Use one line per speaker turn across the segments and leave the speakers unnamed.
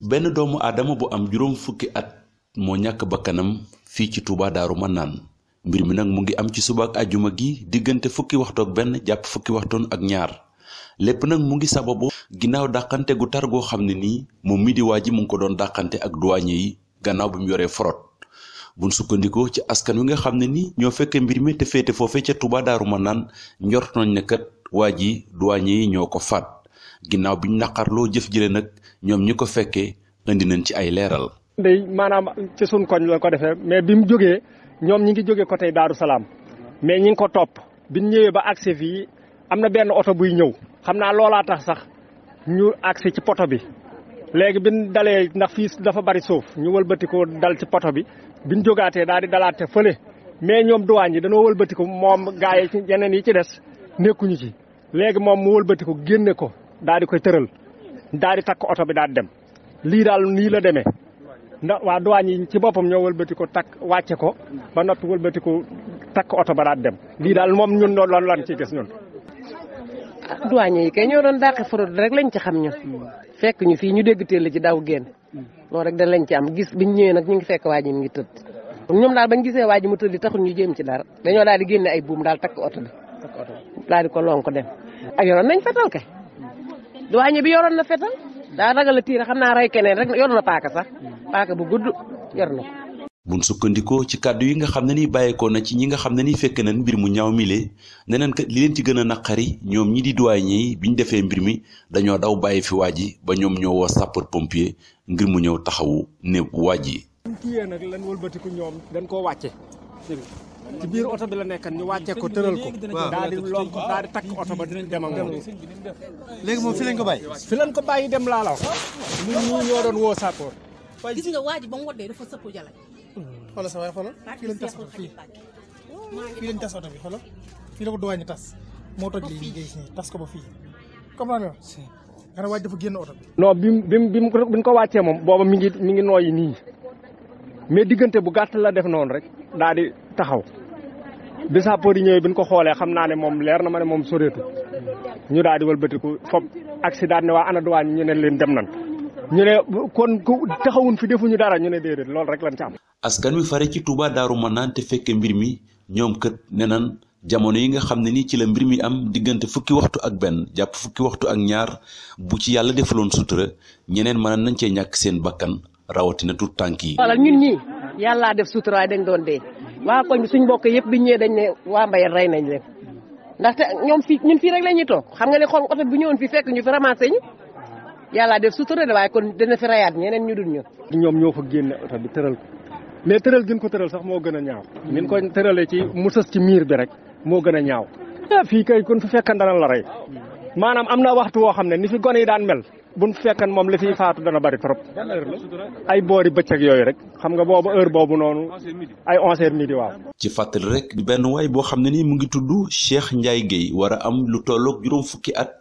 benn doomu aadama bu am juróom fukki at moo ñàkk bakkanam fii ci Touba Daaru Manaan mbir mi nag mu ngi am ci subaak ak ajuma gi diggante fukki waxtook benn jàpp fukki waxtoon ak ñaar lépp nag mu ngi sababu ginnaaw dàqante gu tar goo xam ne nii moom mii di waa ji mu ngi ko doon dàqante ak douanier yi gannaaw bi mu yoree forot buñ sukkandikoo ci askan wi nga xam ne nii ñoo fekkee mbir mi te féete foofe ca Touba Daaru Manaan njort nañ ne kat waa ji douanier yi ñoo ko faat ginnaaw bi ñu loo jëf jële nag ñoom ñi ko fekkee indi nañ ci ay leeral.
ndey maanaam suñ koñ la ko defee mais bi mu jógee ñoom ñi ngi jógee ko tey Daaru Salaam mais ñi ngi ko topp bi ñu ñëwee ba agsi fii am na benn oto buy ñëw xam naa loolaa tax sax ñu agsi ci poto bi. léegi bi ñu dalee ndax fii dafa bari suuf ñu wëlbatikoo dal ci poto bi bi ñu jógaatee daal di dalaate fële mais ñoom duwaañ yi dañoo wëlbatiku moom gaa yi yeneen yi ci des nekkuñu ci léegi moom mu wëlbatiku génne ko daal di koy tëral daal di takk oto bi daal di dem lii daal nii la demee ndax waa duwaañ yi ci boppam ñoo wëlbati takk wàcce ko ba noppi wëlbati ko takk oto ba daal dem lii daal moom ñun loolu lan ci gis ñun.
duwaañ yi kay ñoo doon dàqe fraude rek lañ ci xam ñun. fekk ñu fii ñu degg teel la ci daw génn. loolu rek dañ lañ ci am gis biñ ñëwee nag ñu ngi fekk waa ji mu ngi tëdd. ñoom daal bañ gisee waa ji mu tëdd taxul ñu jéem ci dara dañoo daal di génne ay buum daal takk oto bi. takk daal di ko lonk dem. ak yoroon nañ fetal kay duwaañe bi yoroon na fetal daa ragal a tiir xam naa rey keneen rek yor na paaka sax paaka bu gudd yor na
ko sukkandikoo ci kàddu yi nga xam ne ni bàyyeekoo na ci ñi nga xam ne ni fekk nañ mbir mu ñaaw mile neneen kat li leen ci gën a naqari ñoom ñi di duwaañe yi bi ñu defee mbir mi dañoo daw bàyyi fi waa ji ba ñoom ñoo woo sapeur pompier ngir mu ñëw taxawu néew waa ji.
buñ tuyee nag koo wàcce ci biir oto bi la nekkan ñu wàccee ko tëral ko. daal di lonk daal di takk oto ba dinañ dem ak moom.
léegi moom fi lañ ko bàyyi.
fi dem laa la wax. ñun
gis nga waa ba mu woddee dafa sëpp jala. xoolal sa waay xoolal fii lañ tas fii
fii lañ bi xoolal fii la ko duwaañ tas moo toj lii ngay ba fii comprendre nga. xanaa waa ji dafa génn oto bi. non bi mu bi mu moom booba mi ngi mi nii. mais diggante bu gàtt la def noonu rek daal di taxaw bi sapeurs yi ñëwee bi ñu ko xoolee xam naa ne moom leer na ma ne moom soreetu ñu daal di wëlbatiku fob accident ne waa ana duwaañ ñu ne leen dem nan ñu ne kon ku taxawun fi defuñu dara ñu ne déedéet loolu rek lañ ci am.
askan wi fare ci daaru Darou naan te fekke mbir mi ñoom kët ne nan jamono yi nga xam ne nii ci la mbir mi am diggante fukki waxtu ak benn jàpp fukki waxtu ak ñaar bu ci yàlla defaloon sutura ñeneen mën nañ cee ñàkk seen bakkan. rawatina tout tànk yi.
xoolal ñun ñii yàllaa def suturaay dañ doon dee waa koñ bi suñ mbokk yëpp biñ ñëwee dañ ne waa Mbayeen rey nañ leen ndaxte ñoom fii ñun fii rek la ñuy toog xam nga ne xool oto bi ñëwoon fii fekk ñu fi ramassé ñu yàllaa def sutura de waaye kon dina fi rayaat ñeneen ñu dul ñu
ñoom ñoo fa génne oto bi tëral ko mais tëral gën ko tëral sax moo gën a ñaaw. ni ko tëralee ci mu sës ci miir bi rek moo gën a ñaaw. Ah, fii kay kon fi fekk dana la rey maanaam am na waxtu woo xam ne ni fi gone yi daan mel buñ fekkan moom li fiy faatu dana bari trop ay boori bëccëg yooyu rek xam nga boobu heure boobu noonu ay onze heures midi waaw
ci fàttali rek benn waay boo xam ne nii mu ngi tudd Cheikh Ndiaye Guèye war a am lu tolloog juróom fukki at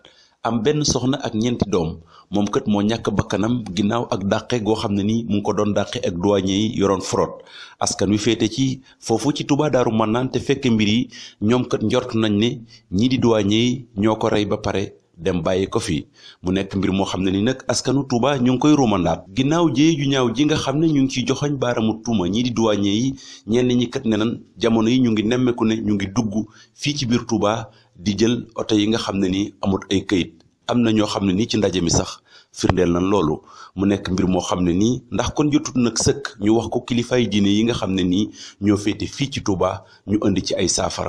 am benn soxna ak ñeenti doom moom kat moo ñàkk bakkanam ginnaaw ak dàqe goo xam ne nii mu ngi ko doon dàqe ak douanier yi yoroon frot askan wi féete ci foofu ci Touba Daaru Mannaan te fekk mbir yi ñoom kat njort nañ ne ñii di douanier yi ñoo ko rey ba pare dem bàyyi ko fi mu nekk mbir moo xam ne ni nag askanu Touba ñu ngi koy ruumandaat ginnaaw jéey ju ñaaw ji nga xam ne ñu ngi ciy joxoñ baaramu tuuma ñii di douanier yi ñenn ñi kat ne nan jamono yi ñu ngi nemmeeku ne ñu ngi dugg fii ci biir Touba di jël oto yi nga xam ne nii amut ay këyit am na ñoo xam ne nii ci ndaje mi sax firndeel nan loolu mu nekk mbir moo xam ne nii ndax kon jotut nag sëkk ñu wax ko kilifaay diine yi nga xam ne nii ñoo féete fii ci Touba ñu indi ci ay saafara.